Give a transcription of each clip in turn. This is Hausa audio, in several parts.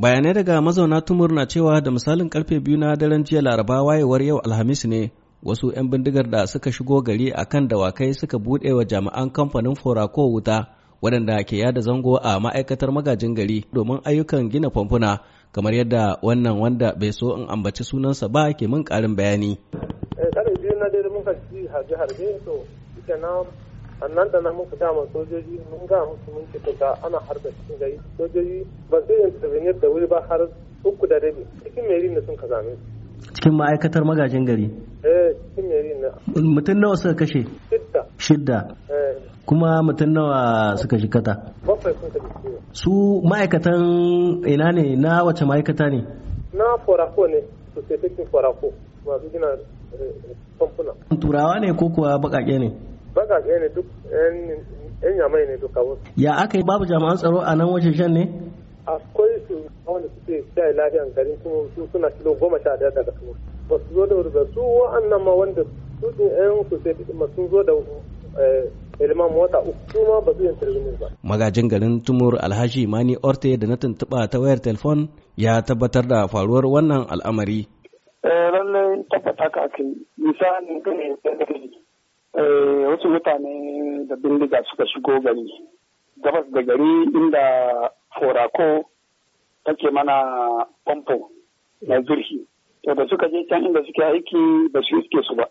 bayanai daga mazauna tumur na cewa da misalin karfe biyu na daren jiya laraba wayewar yau alhamis ne wasu 'yan bindigar da suka shigo gari a kan dawakai suka buɗe wa jami'an kamfanin forako wuta waɗanda ke yada zango a ma'aikatar magajin gari domin ayyukan gina famfuna kamar yadda wannan wanda bai so in ambaci sunansa ba ke min ƙarin bayani. Eh, annan da na mun fita ma sojoji mun ga musu mun ce ga ana harba cikin gari sojoji ba su intervenir da wuri ba har uku da rabi cikin meri ne sun ka zame cikin ma'aikatar magajin gari eh cikin meri ne mutum nawa suka kashe shidda shidda eh. kuma mutum nawa suka jikata bakwai sun ka su ma'aikatan ina ne na wace ma'aikata ne na forako ne su sai forako masu gina famfuna eh, eh, turawa ne ko kuwa bakake ne baƙaƙe ne duk yan yamai ne duka wasu ya aka yi babu jami'an tsaro a nan wajen shan ne akwai su wanda suke shayi lafiyan garin kuma su suna kilo goma sha daya daga su ba su zo da wuri ba su wa'annan ma wanda su ɗin yan su sai sun zo da eh, ilman mota uku kuma ba su yin turbimin ba. Magajin garin Tumur Alhaji Mani Orte da na tuntuɓa ta wayar telefon ya tabbatar da faruwar wannan al'amari. Eh, lallai tabbata ka kai misali kan yadda da Eh, wasu mutane da bindiga suka shigo gari gabas da gari inda forako take mana famfo na zurfi to da suka je can inda suke aiki ba su iske su ba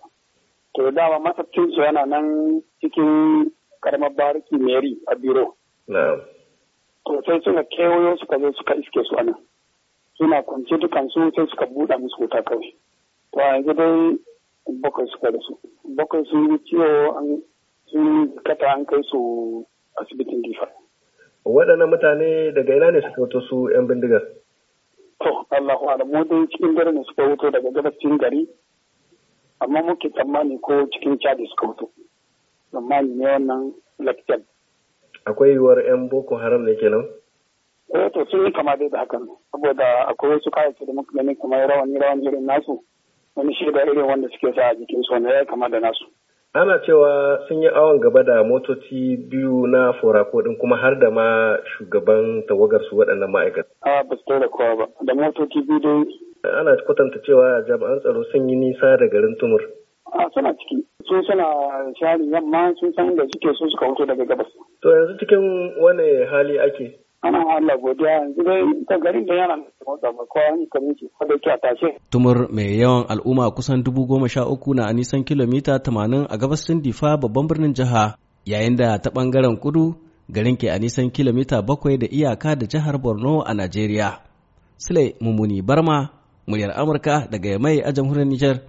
to dama masarcin su yana nan cikin karamar bariki meri a biro to sai suka kewayo suka zo suka iske su ana suna kwanci dukansu sai suka buɗa musu wuta kawai to yanzu dai bakwai suka rasu bakwai sun yi ciwo sun kata an kai su asibitin difa waɗannan mutane daga ina ne suka fito su 'yan bindigar to allahu alamu modin cikin dare ne suka wuto daga gabacin gari amma muke tsammani ko cikin cadi suka wuto tsammani ne wannan lakcan akwai yiwuwar 'yan boko haram ne kenan eh to sun yi kama dai da hakan saboda akwai wasu kayayyaki da muka gani kamar rawani rawani irin nasu wani da irin wanda suke sa a jikin su wanda ya kama da nasu. Ana cewa sun yi awon gaba da motoci biyu na forako din kuma har da ma shugaban tawagar su waɗannan ma'aikata. A ba su da kowa ba, da motoci biyu dai. Ana kwatanta cewa jami'an tsaro sun yi nisa da garin Tumur. A suna ciki, sun suna shari yamma sun san da suke so suka wuce daga gabas. To yanzu cikin wane hali ake? ana Allah godiya yanzu dai ta garin da yana motsa ko da a Tumur mai yawan al'umma kusan dubu goma sha uku na a nisan kilomita tamanin a gabasin Difa babban birnin jiha yayin da ta bangaren kudu garin ke a nisan kilomita bakwai da iyaka da jihar Borno a Najeriya. Sule Mumuni Barma, muryar Amurka daga Yamai a jamhuriyar Nijar.